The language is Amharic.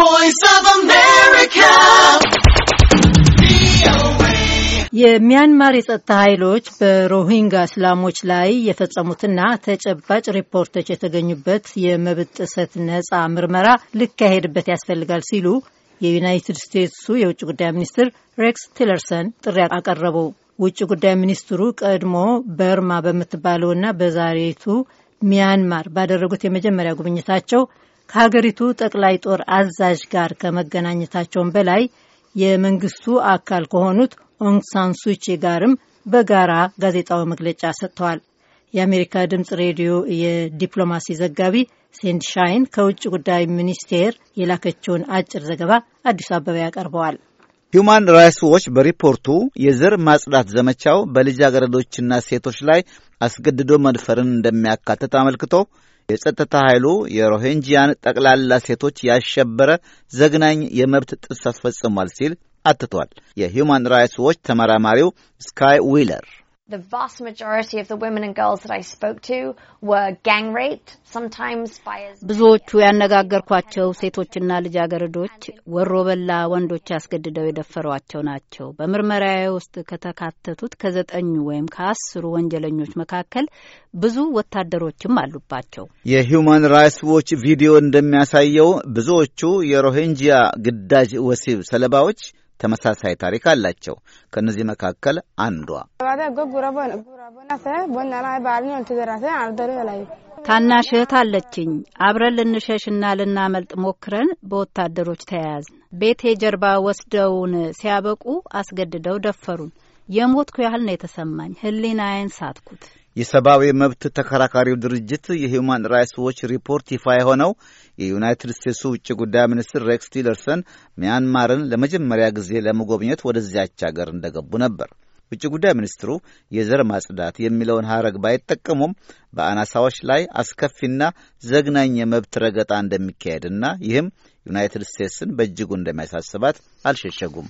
voice of America. የሚያንማር የጸጥታ ኃይሎች በሮሂንጋ እስላሞች ላይ የፈጸሙትና ተጨባጭ ሪፖርቶች የተገኙበት የመብት ጥሰት ነጻ ምርመራ ሊካሄድበት ያስፈልጋል ሲሉ የዩናይትድ ስቴትሱ የውጭ ጉዳይ ሚኒስትር ሬክስ ቲለርሰን ጥሪ አቀረቡ። ውጭ ጉዳይ ሚኒስትሩ ቀድሞ በርማ በምትባለውና በዛሬቱ ሚያንማር ባደረጉት የመጀመሪያ ጉብኝታቸው ከሀገሪቱ ጠቅላይ ጦር አዛዥ ጋር ከመገናኘታቸውን በላይ የመንግስቱ አካል ከሆኑት ኦንግሳን ሱቺ ጋርም በጋራ ጋዜጣዊ መግለጫ ሰጥተዋል። የአሜሪካ ድምፅ ሬዲዮ የዲፕሎማሲ ዘጋቢ ሴንድ ሻይን ከውጭ ጉዳይ ሚኒስቴር የላከችውን አጭር ዘገባ አዲሱ አበባ ያቀርበዋል። ሁማን ራይትስ ዎች በሪፖርቱ የዘር ማጽዳት ዘመቻው በልጃገረዶችና ሴቶች ላይ አስገድዶ መድፈርን እንደሚያካትት አመልክቶ የጸጥታ ኃይሉ የሮሂንጂያን ጠቅላላ ሴቶች ያሸበረ ዘግናኝ የመብት ጥስ አስፈጽሟል ሲል አትቷል። የሂዩማን ራይትስ ዎች ተመራማሪው ስካይ ዊለር The vast majority of the women and girls that I spoke to were gang raped, sometimes by ብዙዎቹ ያነጋገርኳቸው ሴቶችና ልጃገረዶች ወሮ በላ ወንዶች አስገድደው የደፈሯቸው ናቸው። በምርመራዬ ውስጥ ከተካተቱት ከዘጠኙ ወይም ከአስሩ ወንጀለኞች መካከል ብዙ ወታደሮችም አሉባቸው። የሂውማን ራይትስ ዎች ቪዲዮ እንደሚያሳየው ብዙዎቹ የሮሂንጂያ ግዳጅ ወሲብ ሰለባዎች ተመሳሳይ ታሪክ አላቸው። ከእነዚህ መካከል አንዷ ታናሽ እህት አለችኝ። አብረን ልንሸሽና ልናመልጥ ሞክረን በወታደሮች ተያያዝን። ቤቴ ጀርባ ወስደውን ሲያበቁ አስገድደው ደፈሩን። የሞትኩ ያህል ነው የተሰማኝ። ህሊናዬን ሳትኩት። የሰብአዊ መብት ተከራካሪው ድርጅት የሂውማን ራይትስ ዎች ሪፖርት ይፋ የሆነው የዩናይትድ ስቴትሱ ውጭ ጉዳይ ሚኒስትር ሬክስ ቲለርሰን ሚያንማርን ለመጀመሪያ ጊዜ ለመጎብኘት ወደዚያች አገር እንደገቡ ነበር። ውጭ ጉዳይ ሚኒስትሩ የዘር ማጽዳት የሚለውን ሀረግ ባይጠቀሙም በአናሳዎች ላይ አስከፊና ዘግናኝ የመብት ረገጣ እንደሚካሄድና ይህም ዩናይትድ ስቴትስን በእጅጉ እንደሚያሳስባት አልሸሸጉም።